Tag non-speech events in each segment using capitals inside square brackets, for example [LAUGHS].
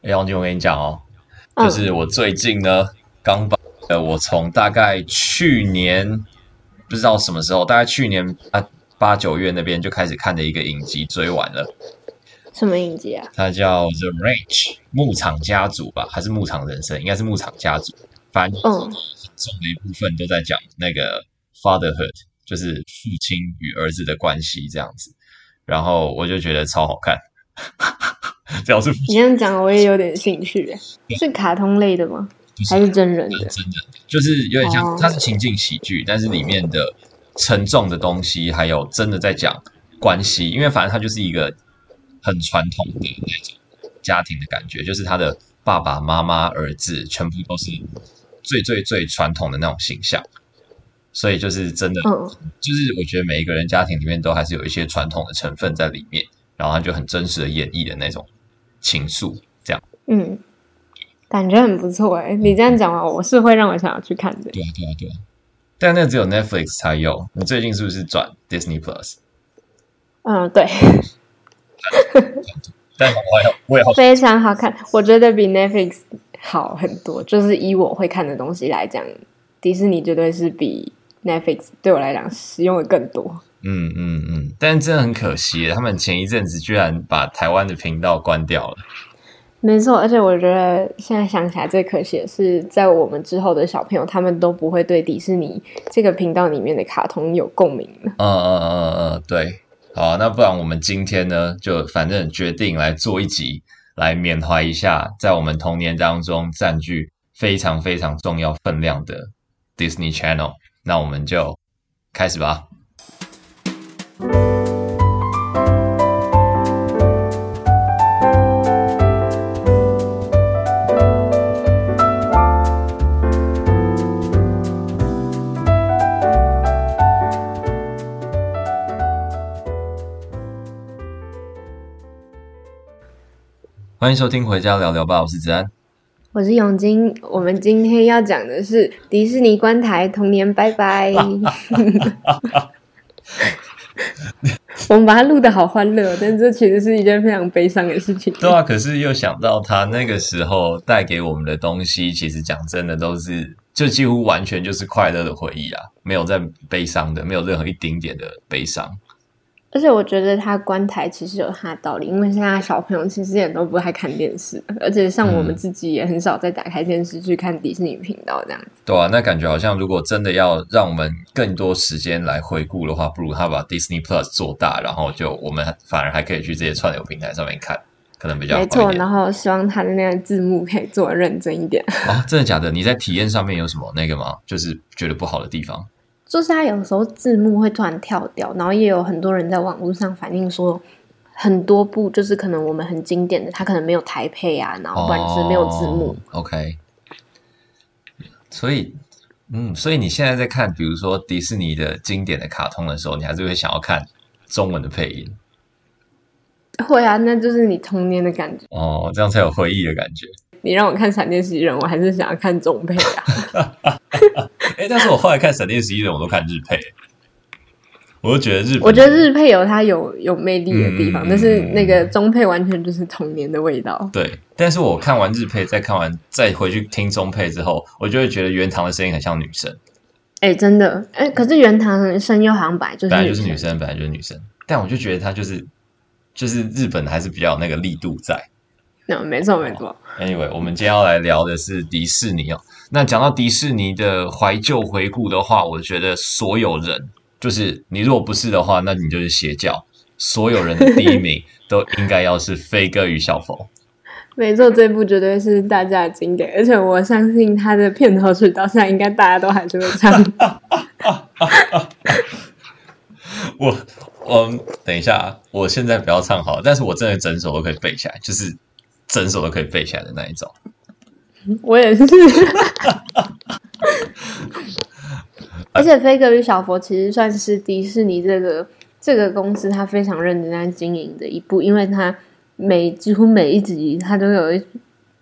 哎，王俊，我跟你講哦，就是我最近呢，嗯、剛把呃，我從大概去年不知道什麼時候，大概去年啊八九月那邊就開始看的一個影集追完了。什麼影集啊？它叫《The Ranch》牧場家族吧，還是牧場人生？應該是牧場家族。反正嗯，很重的一部分都在講那個 fatherhood，就是父親與兒子的關係這樣子。然後我就覺得超好看。哈哈哈。 [LAUGHS] 你這樣講，我也有點興趣欸。是卡通類的嗎？嗯，就是卡通類的嗎？還是真人的？真的，就是有點像，oh. 它是情景喜劇，但是裡面的沉重的東西，還有真的在講關係。因為反正它就是一個很傳統的那種家庭的感覺，就是他的爸爸媽媽、兒子，全部都是最最最傳統的那種形象。所以就是真的，oh. 就是我覺得每一個人家庭裡面都還是有一些傳統的成分在裡面，然後他就很真實的演繹的那種。情愫這樣，嗯，感覺很不錯誒，嗯，你這樣講完，我是會讓我想要去看的。對啊，對啊，對啊。但那只有 Netflix 才有。你最近是不是轉 Disney Plus？嗯，對。但我也，我也好。非常好看，我覺得比 Netflix 好很多。就是以我會看的東西來講，迪士尼絕對是比 Netflix 對我來講使用的更多。嗯嗯嗯，但是真的很可惜，他們前一陣子居然把台灣的頻道關掉了。沒錯，而且我覺得現在想起來最可惜的是，在我們之後的小朋友，他們都不會對迪士尼這個頻道裡面的卡通有共鳴。嗯嗯嗯嗯，uh, uh, uh, uh, uh, 對，好啊，那不然我們今天呢，就反正決定來做一集，來緬懷一下在我們童年當中占據非常非常重要分量的 Disney Channel。那我們就開始吧。歡迎收聽《回家聊聊吧》，我是子安，我是永金。我們今天要講的是迪士尼關台，童年掰掰。 [LAUGHS] [LAUGHS] [LAUGHS] 我們把它錄得好歡樂，但是這其實是一件非常悲傷的事情。對啊，可是又想到他那個時候帶給我們的東西，其實講真的都是，就幾乎完全就是快樂的回憶啊，沒有在悲傷的，沒有任何一丁點的悲傷。而且我覺得他關台其實有他的道理，因為現在小朋友其實也都不愛看電視，而且像我們自己也很少再打開電視去看迪士尼頻道這樣、嗯、對啊，那感覺好像如果真的要讓我們更多時間來回顧的話，不如他把 Disney Plus 做大，然後就我們反而還可以去這些串流平台上面看，可能比較好。沒錯，然後希望他的那個字幕可以做的認真一點。哦，真的假的？你在體驗上面有什麼那個嗎？就是覺得不好的地方？就是它有時候字幕會突然跳掉，然後也有很多人在網絡上反映說，很多部就是可能我們很經典的，它可能沒有台配啊，然後甚至沒有字幕。哦、OK。所以，嗯，所以你現在在看，比如說迪士尼的經典的卡通的時候，你還是會想要看中文的配音？會啊，那就是你童年的感覺哦，這樣才有回憶的感覺。你讓我看《閃電人》，我還是想要看中配啊。 [LAUGHS] 欸、但是我後來看《閃 [LAUGHS] 電十一人》的我都看日配，欸，我就覺得日，我覺得日配有它有有魅力的地方，嗯嗯嗯嗯嗯嗯嗯，但是那個中配完全就是童年的味道。對，但是我看完日配，再看完，再回去聽中配之後，我就會覺得圓堂的聲音很像女生。哎、欸，真的，哎、欸，可是圓堂的聲音又好像白，就是本來就是女生，本來就是女生，但我就覺得她就是，就是日本還是比較有那個力度在。那、嗯、沒錯沒錯。Anyway，我們今天要來聊的是迪士尼哦。那講到迪士尼的懷舊回顧的話，我覺得所有人就是你如果不是的話，那你就是邪教。所有人的第一名都應該要是《飛哥與小佛》 [LAUGHS] 沒錯，這部絕對是大家的經典，而且我相信他的片頭曲到現在應該大家都還是會唱。 [LAUGHS] [LAUGHS] 我，我，等一下，我現在不要唱好了，但是我真的整首都可以背下來，就是整首都可以背下來的那一種。我也是 [LAUGHS] [LAUGHS] 而且《飛哥與小佛》其實算是迪士尼這個這個公司他非常認真在經營的一部，因為他每幾乎每一集他都有一，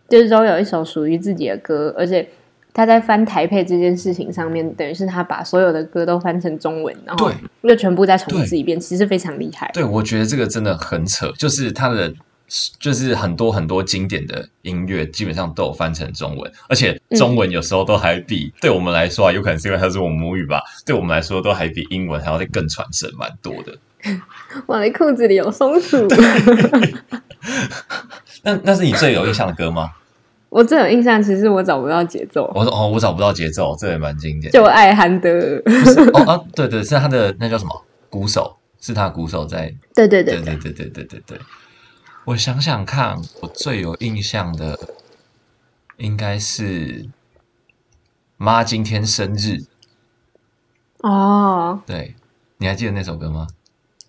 就是都有一首屬於自己的歌，而且他在翻台配這件事情上面，等於是他把所有的歌都翻成中文，然後又全部再重制一遍，其實非常厲害。對，我覺得這個真的很扯，就是他的。就是很多很多經典的音樂，基本上都有翻成中文，而且中文有時候都還比、嗯、對我們來說啊，有可能是因為它是我母語吧。對我們來說，都還比英文還要更傳神，蠻多的。我的褲子裡有松鼠。 [LAUGHS] [LAUGHS] 那那是你最有印象的歌嗎？我最有印象，其實我找不到節奏。我說哦，我找不到節奏，這也蠻經典。就愛韓德。 [LAUGHS] 不是哦、啊、對，對對，是他的那叫什麼鼓手，是他鼓手在。對對對對對對對對對，對對對。我想想看，我最有印象的應該是媽今天生日哦。對，你還記得那首歌嗎？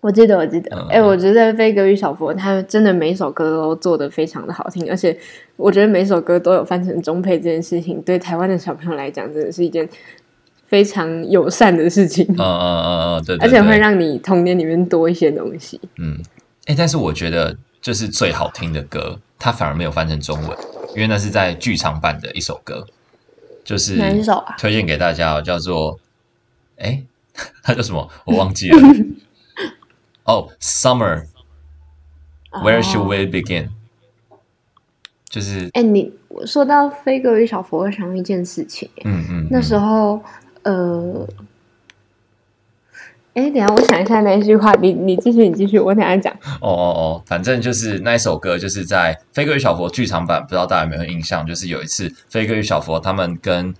我記得，我記得。哎、嗯、欸、嗯，我覺得飛哥與小佛他真的每一首歌都做得非常的好聽，而且我覺得每首歌都有翻成中配這件事情，對台灣的小朋友來講，真的是一件非常友善的事情。嗯嗯嗯嗯，對，對，對。而且會讓你童年裡面多一些東西。嗯，哎、欸，但是我覺得。就是最好聽的歌，它反而沒有翻成中文，因為那是在劇場版的一首歌，就是、哦、哪一首啊？推薦給大家，叫做哎，它、欸、叫 [LAUGHS] 什麼？我忘記了。哦、 [LAUGHS] oh,，Summer，Where Should We Begin？、Oh, 就是哎、欸，你我說到飛哥與小佛，我想一件事情。嗯嗯。那時候，嗯、呃。哎，等一下，我想一下那一句話。你你繼續，你繼續。我等一下講。哦哦哦，反正就是那一首歌，就是在《飛哥與小佛》劇場版，不知道大家有沒有印象？就是有一次《飛哥與小佛》他們跟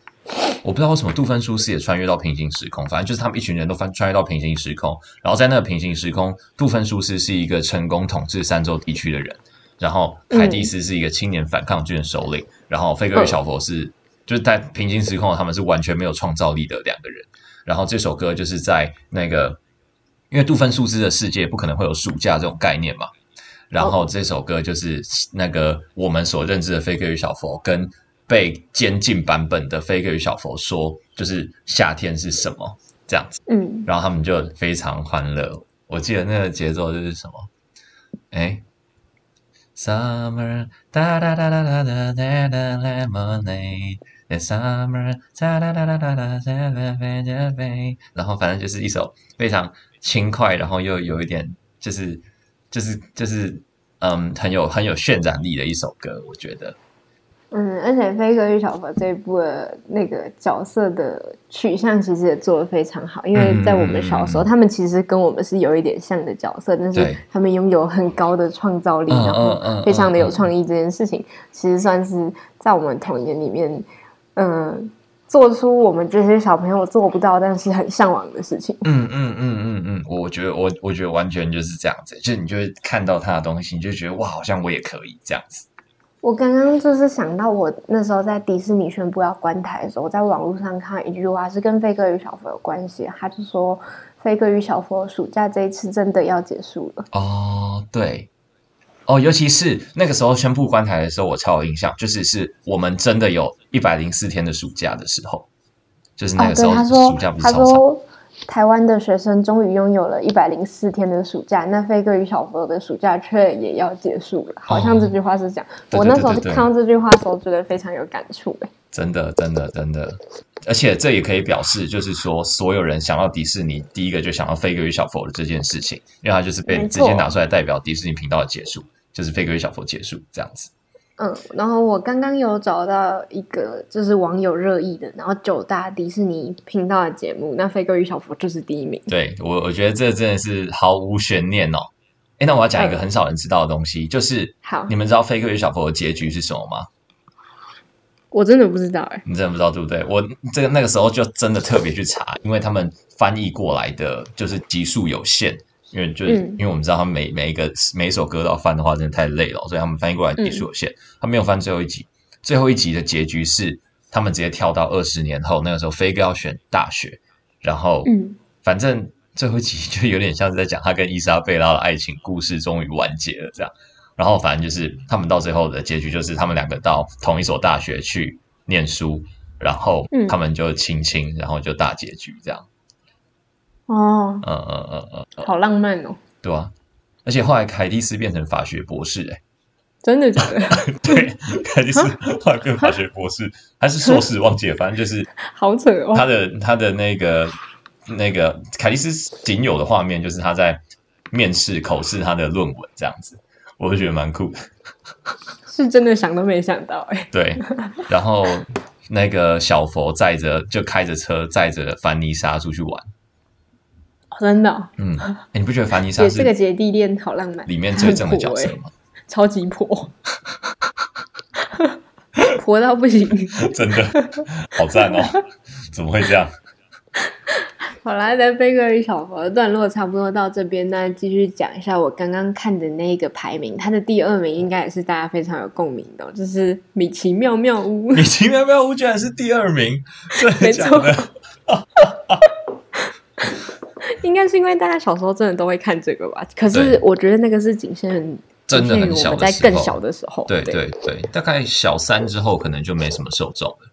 我不知道為什麼杜芬舒斯也穿越到平行時空。反正就是他們一群人都翻穿越到平行時空，然後在那個平行時空，杜芬舒斯是一個成功統治三州地區的人，然後凱蒂斯是一個青年反抗軍的首領，嗯、然後飛哥與小佛是、嗯、就在平行時空，他們是完全沒有創造力的兩個人。然後這首歌就是在那個，因為杜芬舒茲的世界不可能會有暑假這種概念嘛。然後這首歌就是那個我們所認知的《飛哥與小佛》跟被監禁版本的《飛哥與小佛》說，就是夏天是什麼這樣子。嗯。然後他們就非常歡樂。我記得那個節奏就是什麼，哎，summer，噠噠噠噠噠噠噠 lemonade 然後反正就是一首非常輕快，然後又有一點就是就是就是嗯，很有很有渲染力的一首歌，我覺得。嗯，而且飛哥與小佛這一部的那個角色的取向其實也做得非常好，因為在我們小時候，嗯，他們其實跟我們是有一點像的角色，但是他們擁有很高的創造力，然後非常的有創意。這件事情 uh, uh, uh, uh, uh, uh. 其實算是在我們童年裡面。嗯，做出我們這些小朋友做不到，但是很向往的事情。嗯嗯嗯嗯嗯，我覺得我我覺得完全就是這樣子，就是你就會看到他的東西，你就覺得哇，好像我也可以這樣子。我剛剛就是想到，我那時候在迪士尼宣布要關台的時候，我在網絡上看一句話是跟《飛哥與小佛》有關係，他就說《飛哥與小佛》暑假這一次真的要結束了。哦，對。哦，尤其是那個時候宣布關台的時候，我超有印象。就是是我們真的有一百零四天的暑假的時候，就是那個時候暑假不超、哦，他說：“他說台灣的學生終於擁有了一百零四天的暑假，那飛哥與小佛的暑假卻也要結束了。哦”好像這句話是講，我那時候看到這句話的時候，覺得非常有感觸誒，真的，真的，真的，而且這也可以表示，就是說所有人想到迪士尼，第一個就想到飛哥與小佛的這件事情，因為它就是被直接拿出來代表迪士尼頻道的結束。就是《飛哥與小佛》結束這樣子，嗯，然後我剛剛有找到一個就是網友熱議的，然後九大迪士尼頻道的節目，那《飛哥與小佛》就是第一名。對，我我覺得這真的是毫無懸念哦。誒、欸，那我要講一個很少人知道的東西，就是好，你們知道《飛哥與小佛》的結局是什麼嗎？我真的不知道誒、欸，你真的不知道對不對？我這個那個時候就真的特別去查， [LAUGHS] 因為他們翻譯過來的就是集數有限。因為就、嗯、因為我們知道，他們每每一個每一首歌都要翻的話，真的太累了，所以他們翻譯過來也是有限。嗯、他沒有翻最後一集，最後一集的結局是他們直接跳到二十年後，那個時候飛哥要選大學，然後嗯，反正最後一集就有點像是在講他跟伊莎貝拉的愛情故事終於完結了這樣。然後反正就是他們到最後的結局，就是他們兩個到同一所大學去念書，然後他們就親親、嗯，然後就大結局這樣。哦，嗯嗯嗯嗯，好浪漫哦。對啊，而且後來凱蒂斯變成法學博士。欸，哎，真的假的？ [LAUGHS] 對，凱蒂斯後來變成法學博士，還 [LAUGHS] 是碩士，忘記了，反正就是好扯哦。他的他的那個那個凱蒂斯僅有的畫面就是他在面試口試他的論文這樣子，我都覺得蠻酷 [LAUGHS] 是真的想都沒想到哎，欸。 [LAUGHS] 對，然後那個小佛載着就開着車載着凡妮莎出去玩。真的、哦，嗯，哎，你不覺得凡妮莎也是這個姐弟戀好浪漫？裡面最正的角色嗎？這個欸、超級婆，婆 [LAUGHS] 到不行，真的好讚哦！怎麼會這樣？好啦，咱背哥一小段落，差不多到這邊，那繼續講一下我剛剛看的那個排名，它的第二名應該也是大家非常有共鳴的、哦，就是米奇妙妙屋《米奇妙妙屋》。《米奇妙妙屋》居然是第二名，對沒錯 [LAUGHS] [LAUGHS] 應該是因為大家小時候真的都會看這個吧？可是我覺得那個是僅限在更小的真的很小的時候，對對對，對，大概小三之後可能就沒什麼受眾了。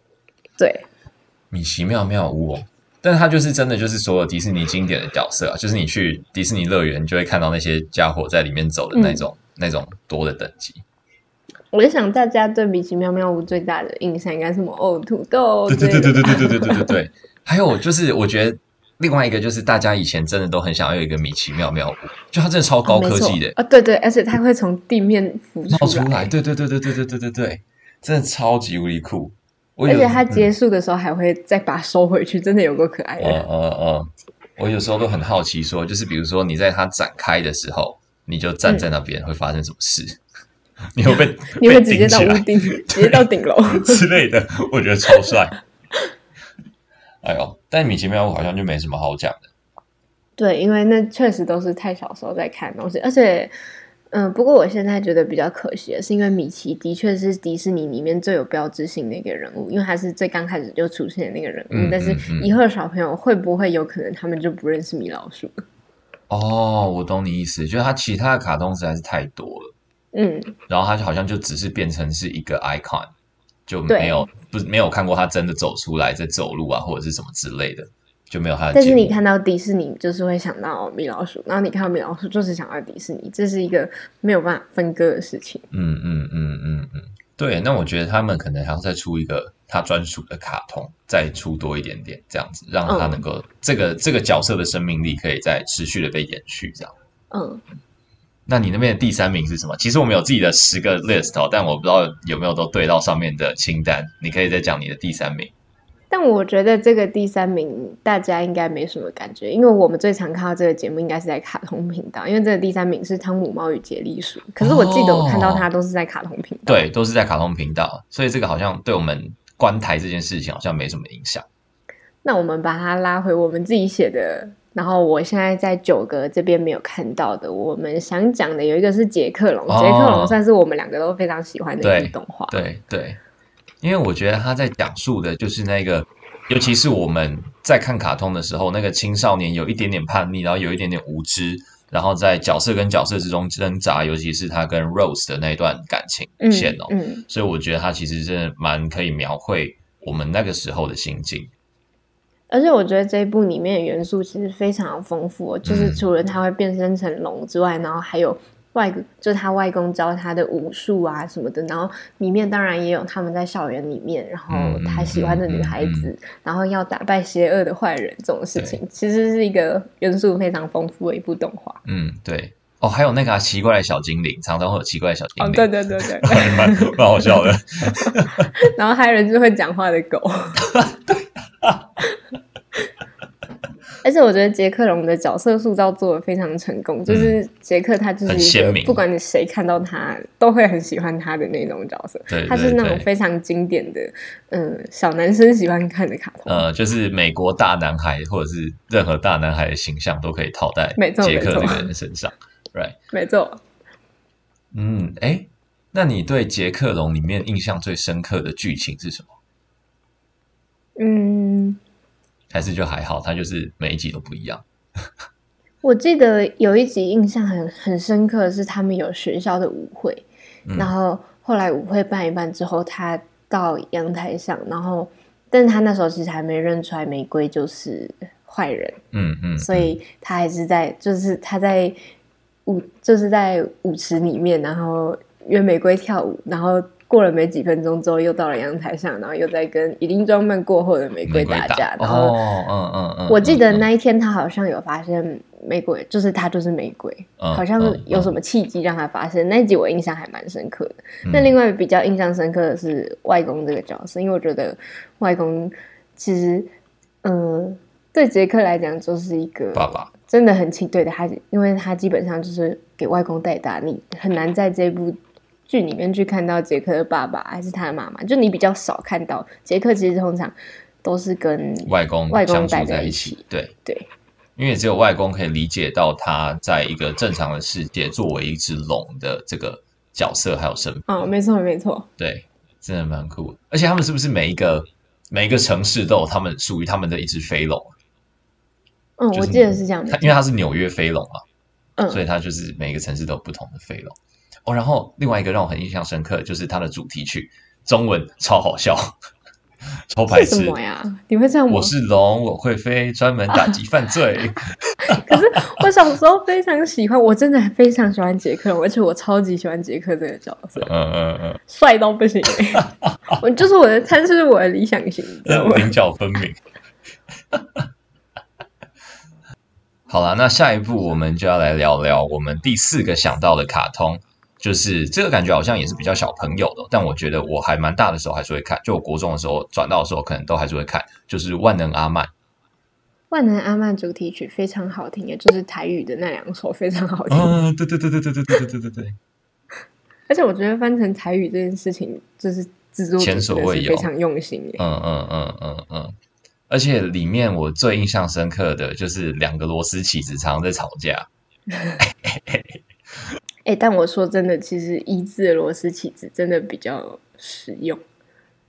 對，《米奇妙妙屋》、哦，但它就是真的就是所有迪士尼經典的角色啊，就是你去迪士尼樂園就會看到那些傢伙在裡面走的那種、嗯、那種多的等級。我就想，大家對《米奇妙妙屋》最大的印象應該是什麼？哦，土豆！對對對對對對， [LAUGHS] 對對對對對對，還有就是我覺得。另外一個就是大家以前真的都很想要有一個米奇妙妙屋，就它真的超高科技的啊、哦哦，對對，而且它會從地面浮出來，對對對對對對對對對，真的超級無敵酷。而且它結束的時候還會再把它收回去，嗯、真的有夠可愛的。嗯嗯嗯，我有時候都很好奇說，說就是比如說你在它展開的時候，你就站在那邊會發生什麼事？嗯、 [LAUGHS] 你會被你會直接到屋頂，頂直接到頂樓之類的，我覺得超帥。 [LAUGHS] 哎呦，但米奇妙妙屋好像就沒什麼好講的。對，因為那確實都是太小時候在看的東西，而且，嗯、呃，不過我現在覺得比較可惜的是，因為米奇的確是迪士尼裡面最有標誌性的一個人物，因為他是最剛開始就出現的那個人物。嗯嗯嗯、但是，以後的小朋友會不會有可能他們就不認識米老鼠？哦，我懂你意思，就是他其他的卡通實在是太多了，嗯，然後他就好像就只是變成是一個 icon。就沒有，不是沒有看過他真的走出來在走路啊，或者是什麼之類的，就沒有他。但是你看到迪士尼就是會想到米老鼠，然後你看到米老鼠就是想到迪士尼，這是一個沒有辦法分割的事情。嗯嗯嗯嗯嗯，對。那我覺得他們可能還要再出一個他專屬的卡通，再出多一點點這樣子，讓他能夠這個、嗯、這個角色的生命力可以再持續的被延續這樣。嗯。那你那邊的第三名是什麼？其實我們有自己的十個 list 哦，但我不知道有沒有都對到上面的清單。你可以再講你的第三名。但我覺得這個第三名大家應該沒什麼感覺，因為我們最常看到這個節目應該是在卡通頻道，因為這個第三名是《湯姆貓與傑利鼠》，可是我記得我看到它，都是在卡通頻道，哦，對，都是在卡通頻道，所以這個好像對我們關台這件事情好像沒什麼影響。那我們把它拉回我們自己寫的。然後我現在在九格這邊沒有看到的，我們想講的有一個是傑克、哦《傑克龍》，傑克龍算是我們兩個都非常喜歡的一個動畫。對對，對，因為我覺得他在講述的就是那個，尤其是我們在看卡通的時候，那個青少年有一點點叛逆，然後有一點點無知，然後在角色跟角色之中掙扎，尤其是他跟 Rose 的那段感情線哦，嗯嗯、所以我覺得他其實是蠻可以描繪我們那個時候的心境。而且我覺得這一部裡面的元素其實非常豐富，哦，就是除了他會變身成龍之外，嗯、然後還有外，就是他外公教他的武術啊什麼的。然後裡面當然也有他們在校園裡面，然後他喜歡的女孩子，嗯嗯嗯、然後要打敗邪惡的壞人這種事情，其實是一個元素非常豐富的一部動畫。嗯，對。哦，還有那個、啊、奇怪的小精靈，常常會有奇怪的小精靈。哦，對對對對，對， [LAUGHS] 蠻蠻好笑的。 [LAUGHS] 然後還有人就會講話的狗。對。 [LAUGHS] [LAUGHS] 而且我覺得傑克龍的角色塑造做的非常成功，就是傑克他就是不管你誰看到他，嗯、都會很喜歡他的那種角色，對，對，對，他是那種非常經典的，嗯、呃，小男生喜歡看的卡通，呃，就是美國大男孩或者是任何大男孩的形象都可以套在傑克這個人身上，沒錯沒錯，啊，right，沒錯，嗯，哎、欸，那你對傑克龍裡面印象最深刻的劇情是什麼？嗯。還是就還好，他就是每一集都不一樣。 [LAUGHS] 我記得有一集印象很很深刻，是他們有學校的舞會、嗯，然後後來舞會辦一辦之後，他到陽台上，然後但他那時候其實還沒認出來玫瑰就是壞人，嗯嗯，嗯，所以他還是在就是他在舞就是在舞池裡面，然後約玫瑰跳舞，然後。過了沒幾分鐘之後，又到了陽台上，然後又在跟已經裝扮過後的玫瑰打架。打然後，嗯嗯嗯，我記得那一天他好像有發現玫瑰，就是他就是玫瑰，嗯、好像有什麼契機讓他發現。嗯、那一集我印象還蠻深刻的、嗯。那另外比較印象深刻的是外公這個角色，因為我覺得外公其實，嗯、呃，對傑克來講就是一個真的很親。對的，他因為他基本上就是給外公帶大，你很難在這部。劇裡面去看到傑克的爸爸還是他的媽媽，就你比較少看到，傑克其實通常都是跟外公外公，待在一起。對對，因為只有外公可以理解到他在一個正常的世界作為一隻龍的這個角色還有身份。啊、哦，沒錯沒錯，對，真的蠻酷的。而且他們是不是每一個每一個城市都有他們屬於他們的一隻飛龍？嗯、就是，我記得是這樣子，因為他是紐約飛龍啊、嗯，所以他就是每一個城市都有不同的飛龍。哦，然後另外一個讓我很印象深刻，就是它的主題曲中文超好笑，超排斥什麼呀！你會這樣我？我是龍，我會飛，專門打擊犯罪。啊、 [LAUGHS] 可是我小時候非常喜歡，我真的非常喜歡傑克，而且我超級喜歡傑克這個角色。嗯嗯嗯，帥到不行！我 [LAUGHS] [LAUGHS] 就是我的參是我的理想型，稜角分明。好啦，那下一步我們就要來聊聊我們第四個想到的卡通。就是這個感覺好像也是比較小朋友的，但我覺得我還蠻大的時候還是會看，就我國中的時候轉到的時候可能都還是會看，就是《萬能阿曼》。萬能阿曼主題曲非常好聽，也就是台語的那兩首非常好聽。嗯、哦，對對對對對對對對對對對。而且我覺得翻成台語這件事情，就是，是前所未有非常用心。嗯嗯嗯嗯嗯。而且裡面我最印象深刻的就是兩個螺絲起子常常在吵架。 [LAUGHS] [LAUGHS] 哎、欸，但我說真的，其實一字的螺絲起子真的比較實用。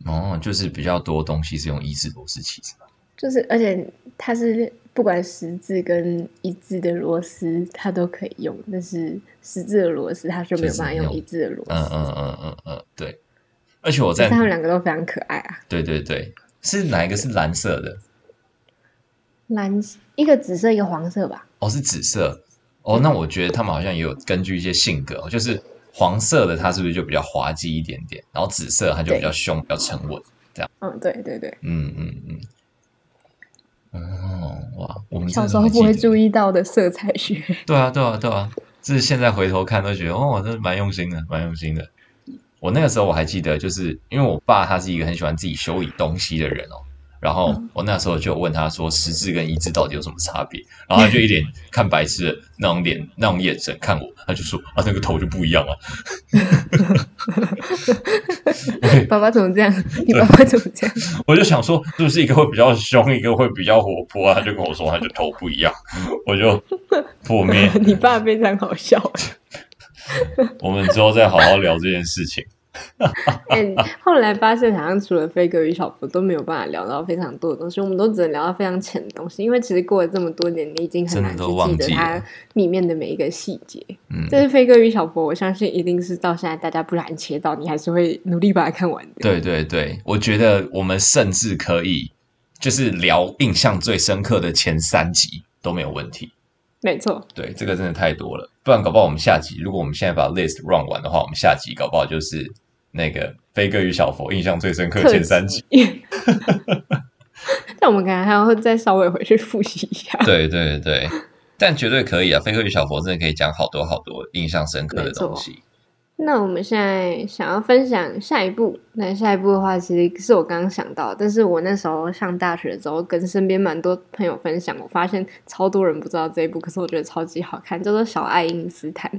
哦，就是比較多東西是用一字螺絲起子吧。就是，而且它是不管十字跟一字的螺絲，它都可以用。但是十字的螺絲，它就沒有辦法用一字的螺絲、就是。嗯嗯嗯嗯嗯，對。而且我在他們兩個都非常可愛啊。對對對，是哪一個是藍色的？藍，一個紫色，一個黃色吧？哦，是紫色。哦，那我覺得他們好像也有根據一些性格，就是黃色的它是不是就比較滑稽一點點，然後紫色它就比較凶，比較沉穩，這樣。嗯，對對對，嗯嗯嗯。哦哇，我們小時候不會注意到的色彩學。對啊對啊對啊，就是、啊啊、現在回頭看都覺得，哦，這蠻用心的，蠻用心的。我那個時候我還記得，就是因為我爸他是一個很喜歡自己修理東西的人哦。然後我那時候就問他說：“十字跟一字到底有什麼差別？”然後他就一臉看白痴的那種臉、那種眼神看我，他就說：“啊，那個頭就不一樣了。”哈哈哈，爸爸怎麼這樣？你爸爸怎麼這樣？我就想說，是不是一個會比較凶，一個會比較活潑啊。他就跟我說，他就頭不一樣， [LAUGHS] 我就破滅。你爸非常好笑。 [LAUGHS] 我們之後再好好聊這件事情。哎、 [LAUGHS] 欸，後來發現好像除了飛哥與小佛都沒有辦法聊到非常多的東西，我們都只能聊到非常淺的東西。因為其實過了這麼多年，你已經很難去記得它裡面的每一個細節。嗯，但是飛哥與小佛，我相信一定是到現在大家不小心切到，你還是會努力把它看完的。對對對，我覺得我們甚至可以就是聊印象最深刻的前三集都沒有問題。沒錯，對，這個真的太多了，不然搞不好我們下集，如果我們現在把 list run 完的話，我們下集搞不好就是。那個飛哥與小佛印象最深刻前三集， [LAUGHS] [LAUGHS] 但我們可能還要再稍微回去複習一下。對對對，但絕對可以啊！飛 [LAUGHS] 哥與小佛真的可以講好多好多印象深刻的東西。那我們現在想要分享下一部，那下一部的話，其實是我剛剛想到，但是我那時候上大學的時候，跟身邊蠻多朋友分享，我發現超多人不知道這一部，可是我覺得超級好看，叫做《小愛因斯坦》，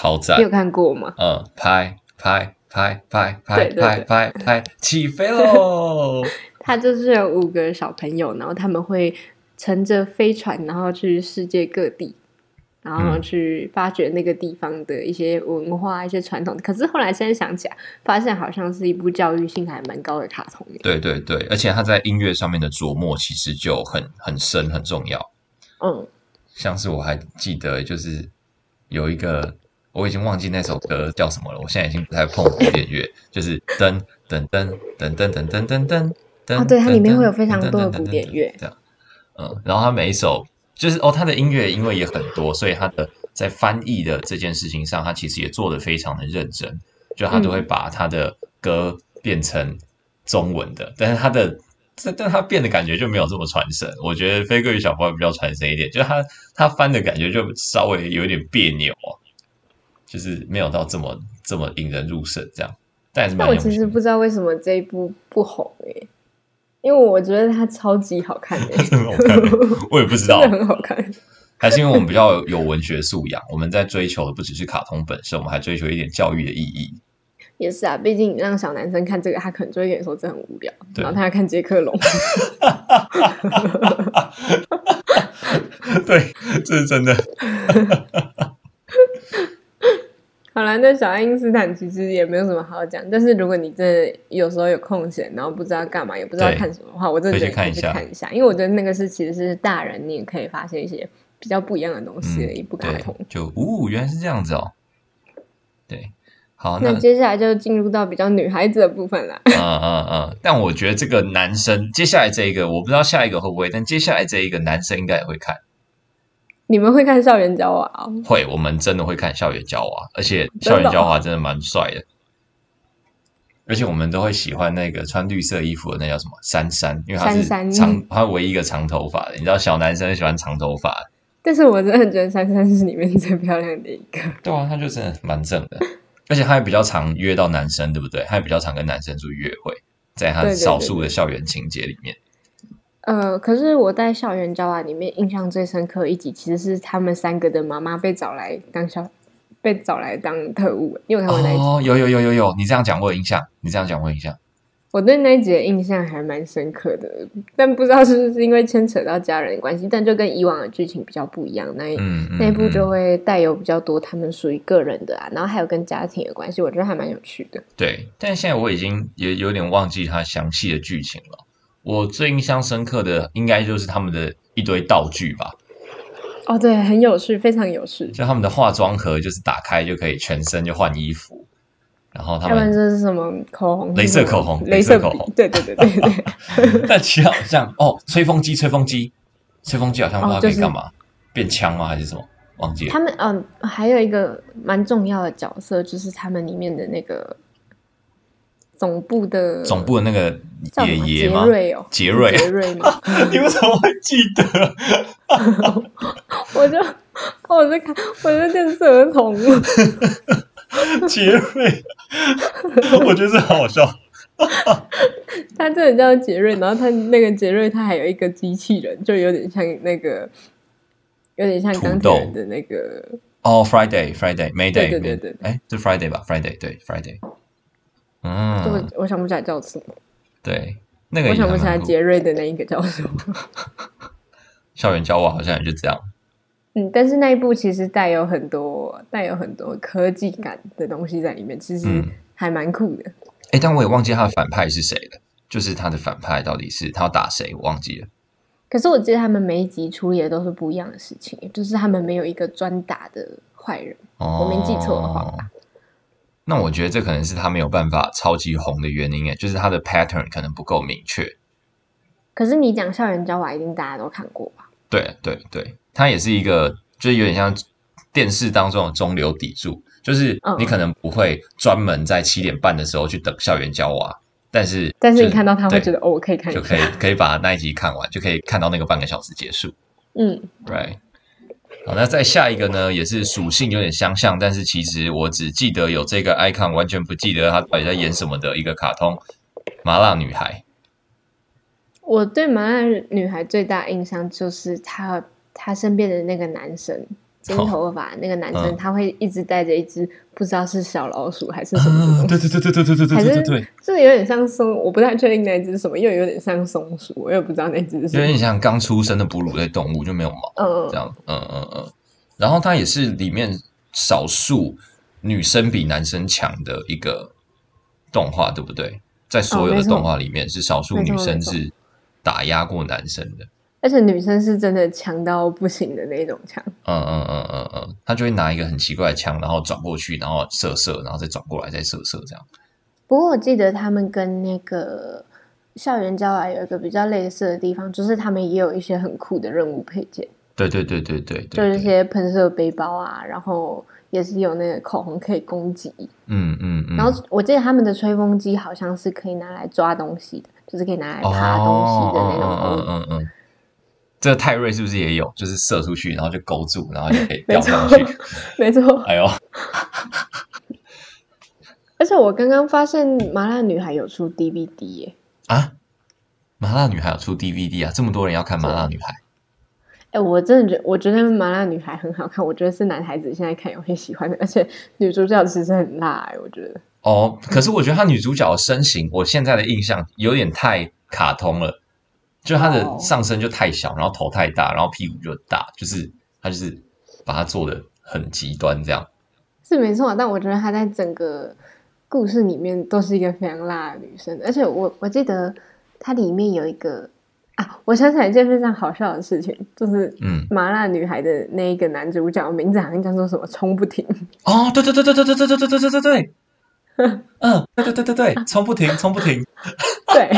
超讚！你有看過嗎？嗯，拍拍。拍拍拍拍拍，拍，對對對，起飛嘍！ [LAUGHS] 他就是有五個小朋友，然後他們會乘着飛船，然後去世界各地，然後去發掘那個地方的一些文化、嗯、一些傳統。可是後來現在想起來，發現好像是一部教育性還蠻高的卡通。對對對，而且他在音樂上面的琢磨其實就很很深、很重要。嗯，像是我還記得，就是有一個。我已經忘記那首歌叫什麼了。我現在已經不太碰古典樂， [LAUGHS] 就是噔噔噔噔噔噔噔噔噔。哦，對，它裡面會有非常多的古典樂，這樣。嗯，然後它每一首就是哦，它的音樂因為也很多，所以它的在翻譯的這件事情上，它其實也做得非常的認真。就它都會把它的歌變成中文的，嗯、但是它的但但他變的感覺就沒有這麼傳神。我覺得飛哥與小佛比較傳神一點，就它它翻的感覺就稍微有點彆扭、啊就是沒有到這麼這麼引人入勝這樣，但是那我其實不知道為什麼這一部不紅、欸、因為我覺得它超級好看、欸、 [LAUGHS] 真的我也不知道， [LAUGHS] 真的很好看。 [LAUGHS] 還是因為我們比較有文學素養，我們在追求的不只是卡通本身，我們還追求一點教育的意義。也是啊，畢竟讓小男生看這個，他可能就會跟你說這很無聊，然後他要看傑克龍。 [LAUGHS] [LAUGHS] 對，這是真的。 [LAUGHS] 好啦，那小愛因斯坦其實也沒有什麼好講，但是如果你真的有時候有空閒，然後不知道幹嘛，也不知道看什麼的話，我真的覺得可以去看一、看一下，因為我覺得那個是其實是大人你也可以發現一些比較不一樣的東西，也、嗯、不相通就五五、哦、原來是這樣子哦。對，好那，那接下來就進入到比較女孩子的部分了。嗯嗯嗯，但我覺得這個男生接下來這一個，我不知道下一個會不會，但接下來這一個男生應該也會看。你們會看《校園嬌娃》？會，我們真的會看《校園嬌娃》，而且《校園嬌娃》真的蠻帥的。而且我們都會喜歡那個穿綠色衣服的，那叫什麼珊珊，因為他是長，珊珊他唯一一個長頭髮的。你知道小男生喜歡長頭髮，但是我真的很覺得珊珊是裡面最漂亮的一個。對啊，她就是蠻正的， [LAUGHS] 而且她也比較常約到男生，對不對？她也比較常跟男生出去約會，在她少數的校園情節裡面。對對對對對。呃，可是我在《校園焦啊裡面印象最深刻一集，其實是他們三個的媽媽被找來當小，被找來當特務，因為他們那哦，有有有有有，你這樣講我有印象，你這樣講我有印象，我對那集的印象還蠻深刻的，但不知道是不是因為牽扯到家人的關係，但就跟以往的劇情比較不一樣，那一、嗯、那一部就會帶有比較多他們屬於個人的啊，嗯、然後還有跟家庭的關係，我覺得還蠻有趣的。對，但現在我已經也有點忘記他詳細的劇情了。我最印象深刻的應該就是他們的一堆道具吧。哦、oh,，對，很有趣，非常有趣。就他們的化妝盒，就是打開就可以全身就換衣服。然後他們,他們這是什麼口紅？鐳射口紅，鐳射口紅。對對對對對。 [LAUGHS] [LAUGHS] 但其實好像哦、oh,，吹風機，吹風機，吹風機，好像它可以幹嘛？Oh, 就是、變槍嗎？還是什麼？忘記了。他們嗯、呃，還有一個蠻重要的角色，就是他們裡面的那個。總部的總部的那個爺爺傑瑞，哦，傑瑞，傑瑞， [LAUGHS] [LAUGHS] 你為什麼會記得？ [LAUGHS] [LAUGHS] 我就，得，我在看，我覺得電視兒童傑瑞，我覺得這很好笑。 [LAUGHS] 他真的叫傑瑞，然後他那個傑瑞，他還有一個機器人，就有點像那個，有點像鋼鐵人的那個哦。Friday，Friday，Mayday，對，對對對，哎、欸，就 Friday 吧？Friday，對，Friday。嗯，我我想不起來叫什麼。對，那個我想不起來傑瑞的那一個叫什麼。 [LAUGHS] 校園交往好像也就這樣。嗯，但是那一部其實帶有很多帶有很多科技感的東西在裡面，其實還蠻酷的。哎、嗯欸，但我也忘記他的反派是誰了，就是他的反派到底是他要打誰，我忘記了。可是我記得他們每一集處理的都是不一樣的事情，就是他們沒有一個專打的壞人。哦、嗯，我沒記錯的話。哦那我覺得這可能是他沒有辦法超級紅的原因誒，就是他的 pattern 可能不夠明確。可是你講《校園嬌娃》一定大家都看過吧？對對對，它也是一個、嗯，就有點像電視當中的中流砥柱，就是你可能不會專門在七點半的時候去等《校園嬌娃》，但是、就是、但是你看到他會覺得哦，我可以看一下，就可以可以把那一集看完，就可以看到那個半個小時結束。嗯，right。好，那再下一個呢？也是屬性有點相像，但是其實我只記得有這個 icon，完全不記得他到底在演什麼的一個卡通《麻辣女孩》。我對《麻辣女孩》最大印象就是她她身邊的那個男生。金頭髮那個男生，他會一直帶着一只不知道是小老鼠還是什麼,什麼、哦嗯，對對對對對對對對對,對，對有點像松，我不太確定那只是什麼，又有點像松鼠，我也不知道那只是什麼。有點像剛出生的哺乳類動物就沒有毛，這樣嗯嗯,嗯,嗯,嗯，然後它也是裡面少數女生比男生強的一個動畫，對不對？在所有的動畫裡面，哦、是少數女生是打壓過男生的。而且女生是真的強到不行的那種強。嗯嗯嗯嗯嗯，她、嗯嗯、就會拿一個很奇怪的槍，然後轉過去，然後射射，然後再轉過來再射射，這樣。不過我記得他們跟那個校園郊外有一個比較類似的地方，就是他們也有一些很酷的任務配件。對對對對對，對，對，對，就是一些噴射背包啊，然後也是有那個口紅可以攻擊。嗯嗯，嗯。然後我記得他們的吹風機好像是可以拿來抓東西的，就是可以拿來爬東西的、哦、那種東西嗯嗯嗯。嗯嗯。這個泰瑞是不是也有？就是射出去，然後就勾住，然後就可以掉上去。沒錯。沒錯。哎呦。而且我剛剛發現《麻辣女孩》有出 DVD 耶！啊，《麻辣女孩》有出 DVD 啊！這麼多人要看《麻辣女孩》？哎、欸，我真的覺，我覺得《麻辣女孩》很好看，我覺得是男孩子現在看也會喜歡的，而且女主角其實很辣，哎、欸，我覺得。哦，可是我覺得她女主角的身形，我現在的印象有點太卡通了。就她的上身就太小，Oh. 然後頭太大，然後屁股就大，就是她就是把她做得很極端這樣，是沒錯。但我覺得她在整個故事裡面都是一個非常辣的女生，而且我我記得它裡面有一個啊，我想起來一件非常好笑的事情，就是嗯，麻辣女孩的那一個男主角名字好像叫做什麼衝不停哦，對對對對對對對對對對對對。嗯、 [LAUGHS] 啊，對對對對對，衝不停，衝不停。 [LAUGHS] 對，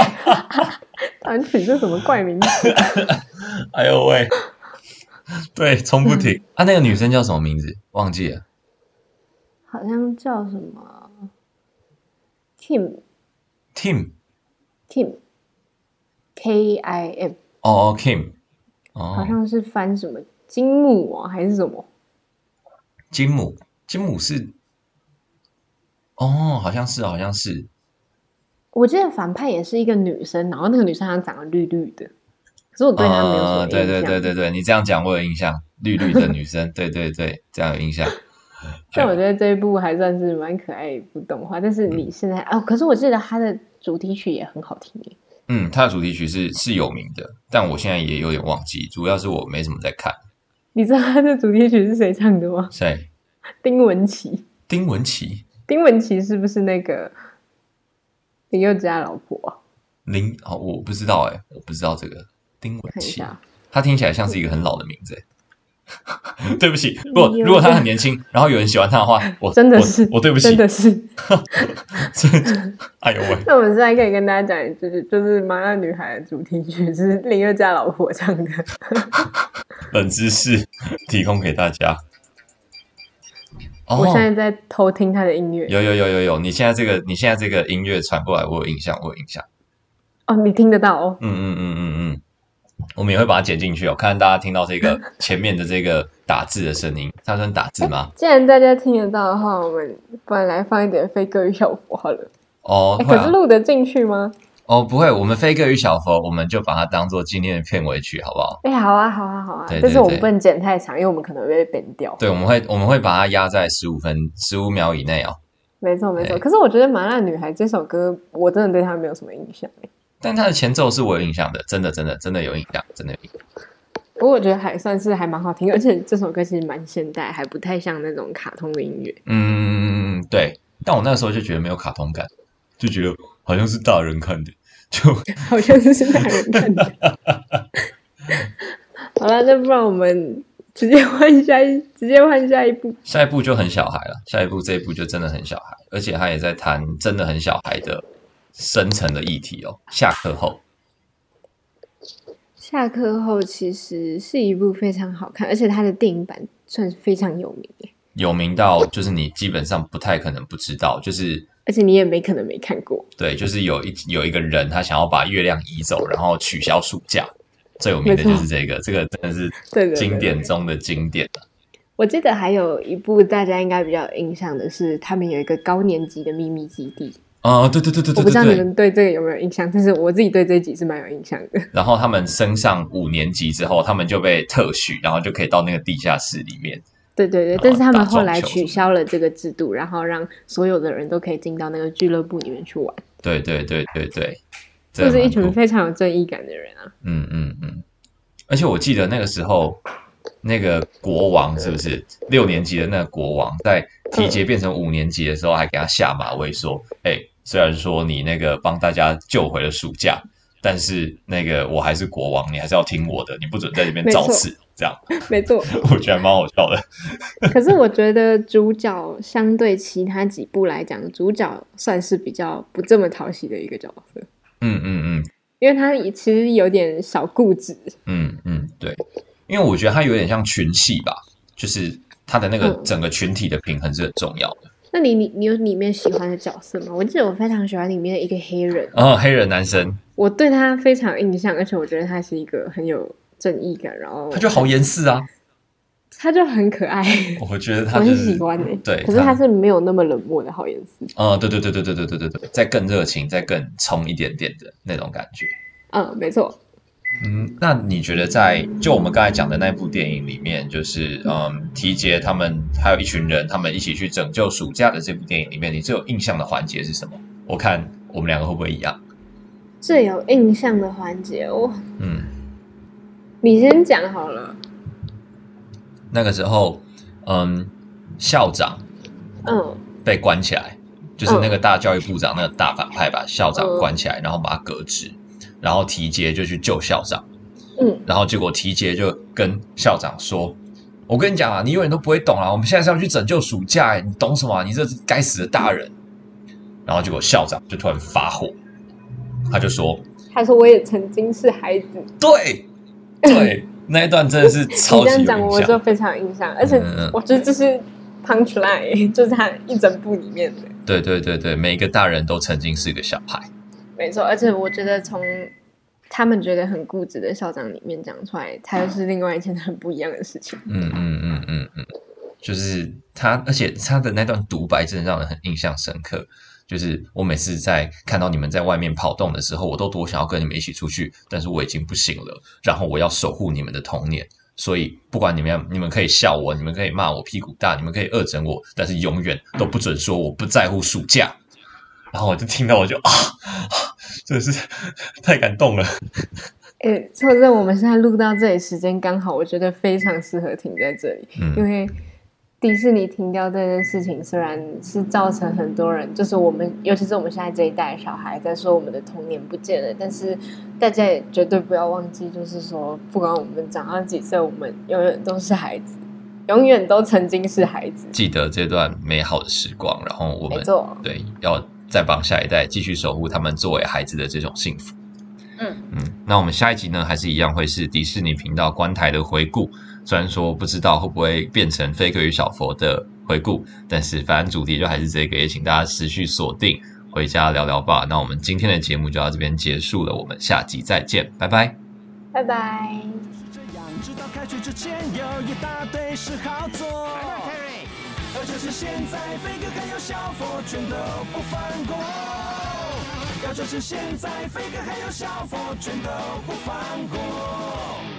韓曲這什麼怪名字？ [LAUGHS] 哎呦喂！對，衝不停。 [LAUGHS] 啊，那個女生叫什麼名字？忘記了。好像叫什麼 Kim？Kim？Kim？K I M？哦、oh, 哦，Kim、oh.。好像是翻什麼金母啊，還是什麼？金母，金母是。哦，好像是，好像是。我記得反派也是一個女生，然後那個女生好像長得綠綠的，可是我對她沒有什麼印象。對對對對對，你這樣講我有印象，綠綠的女生， [LAUGHS] 對對對，這樣有印象。像我覺得這一部還算是蠻可愛一部動畫，但是你現在、嗯、哦，可是我記得它的主題曲也很好聽耶。嗯，它的主題曲是是有名的，但我現在也有點忘記，主要是我沒什麼在看。你知道它的主題曲是誰唱的嗎？誰？丁文琪。丁文琪。丁文琪是不是那個林宥嘉老婆？林哦，我不知道哎、欸，我不知道這個丁文琪，他聽起來像是一個很老的名字、欸。 [LAUGHS] 對不起，如果如果他很年輕，然後有人喜歡他的話，我真的是我，我對不起，真的是 [LAUGHS] [LAUGHS] 哎呦喂！那我們現在可以跟大家講，就是就是《麻辣女孩》的主題曲是林宥嘉老婆唱的，冷知識提供給大家。哦，我現在在偷聽他的音樂。有有有有有，你現在這個你現在這個音樂傳過來，我有印象，我有印象。哦，你聽得到哦。嗯嗯嗯嗯嗯。我們也會把它剪進去哦，看看大家聽到這個前面的這個打字的聲音，他 [LAUGHS] 正打字嗎、欸？既然大家聽得到的話，我們不然來放一點飛哥與小佛好了。哦，啊欸、可是錄得進去嗎？哦，不會，我們飛哥與小佛，我們就把它當做紀念片尾曲，好不好？哎、欸，好啊，好啊，好啊。但是我們不能剪太長，因為我們可能會被剪掉對對。對，我們會、嗯、我們會把它壓在十五分十五秒以內哦。沒錯，沒錯。可是我覺得《麻辣女孩》這首歌，我真的對她沒有什麼印象。但它的前奏是我有印象的，真的，真的，真的有印象，真的有印象。不過我覺得還算是還蠻好聽，而且這首歌其實蠻現代，還不太像那種卡通的音樂。嗯嗯嗯嗯嗯。對，但我那時候就覺得沒有卡通感。就覺得好像是大人看的，就好像是大人看的。 [LAUGHS] 好了，那不然我們直接換下一，直接換下一部。下一部就很小孩了，下一部這一部就真的很小孩，而且他也在談真的很小孩的深層的議題哦。下課後，下課後其實是一部非常好看，而且他的電影版算是非常有名。有名到就是你基本上不太可能不知道，就是，而且你也沒可能沒看過。對，就是有一有一個人他想要把月亮移走，然後取消暑假，最有名的就是這個，這個真的是經典中的經典了。對對對對對。我記得還有一部大家應該比較有印象的是，他們有一個高年級的秘密基地。哦，對對對對對，對，對，我不知道你們對這個有沒有印象，但是我自己對這一集是蠻有印象的。然後他們升上五年級之後，他們就被特許，然後就可以到那個地下室裡面。對對對，但是他們後來取消了這個制度，然後讓所有的人都可以進到那個俱樂部裡面去玩。對對對對對，這是一群非常有正義感的人啊。嗯嗯嗯，而且我記得那個時候，那個國王是不是六、嗯、年級的那個國王，在體節變成五年級的時候，還給他下馬威說：“哎、嗯欸，雖然說你那個幫大家救回了暑假。”但是那個我還是國王，你還是要聽我的，你不准在裡面找死。這樣。沒錯， [LAUGHS] 我覺得蠻好笑的。可是我覺得主角相對其他幾部來講， [LAUGHS] 主角算是比較不這麼討喜的一個角色。嗯嗯嗯，因為他也其實有點小固執。嗯嗯，對，因為我覺得他有點像群戲吧，就是他的那個整個群體的平衡是很重要的。嗯，那你你你有裡面喜歡的角色嗎？我記得我非常喜歡裡面的一個黑人，哦，黑人男生。我對他非常印象，而且我覺得他是一個很有正義感，然後他就好嚴肅啊，他就很可愛， [LAUGHS] 我覺得他、就是、 [LAUGHS] 很喜歡哎、欸，對，可是他是沒有那麼冷漠的好嚴肅。啊、嗯，對對對對對對對對對對，再更熱情，再更衝一點點的那種感覺，嗯，沒錯，嗯，那你覺得在就我們剛才講的那部電影裡面，就是嗯，提傑他們還有一群人，他們一起去拯救暑假的這部電影裡面，你最有印象的環節是什麼？我看我們兩個會不會一樣？最有印象的環節，哦。嗯，你先講好了。那個時候，嗯，校長嗯被關起來、嗯，就是那個大教育部長那個大反派把校長關起來，嗯、然後把他革職，然後提傑就去救校長，嗯，然後結果提傑就跟校長說：“嗯、我跟你講啊，你永遠都不會懂啊，我們現在是要去拯救暑假、欸，你懂什麼、啊？你這該死的大人。”然後結果校長就突然發火。他就說：“他說我也曾經是孩子。”對對對， [LAUGHS] 那一段真的是超級影響。 [LAUGHS] 你講我，就非常有印象，而且我覺得這是 punch line，就是他一整部裡面的。對對對對，每一個大人都曾經是一個小孩。沒錯，而且我覺得從他們覺得很固執的校長裡面講出來，他又是另外一件很不一樣的事情。嗯嗯嗯嗯嗯，就是他，而且他的那段獨白真的讓人很印象深刻。就是我每次在看到你們在外面跑動的時候，我都多想要跟你們一起出去，但是我已經不行了。然後我要守護你們的童年，所以不管你們，你們可以笑我，你們可以罵我屁股大，你們可以惡整我，但是永遠都不准說我不在乎暑假。然後我就聽到，我就啊，啊，真的是太感動了。誒、欸，錯在我們現在錄到這裡，時間剛好，我覺得非常適合停在這裡，嗯、因為。迪士尼停掉這件事情，雖然是造成很多人，就是我們，尤其是我們現在這一代小孩，在說我們的童年不見了。但是大家也絕對不要忘記，就是說，不管我們長到幾歲，我們永遠都是孩子，永遠都曾經是孩子，記得這段美好的時光。然後我們做對要再幫下一代繼續守護他們作為孩子的這種幸福。嗯嗯，那我們下一集呢，還是一樣會是迪士尼頻道關台的回顧。雖然說不知道會不會變成飛哥與小佛的回顧，但是反正主題就還是這個，也請大家持續鎖定，回家聊聊吧。那我們今天的節目就到這邊結束了，我們下集再見，拜拜，拜拜。拜拜。要就是現在，飛哥還有小佛，全都不放過。要就是現在，飛哥還有小佛，全都不放過。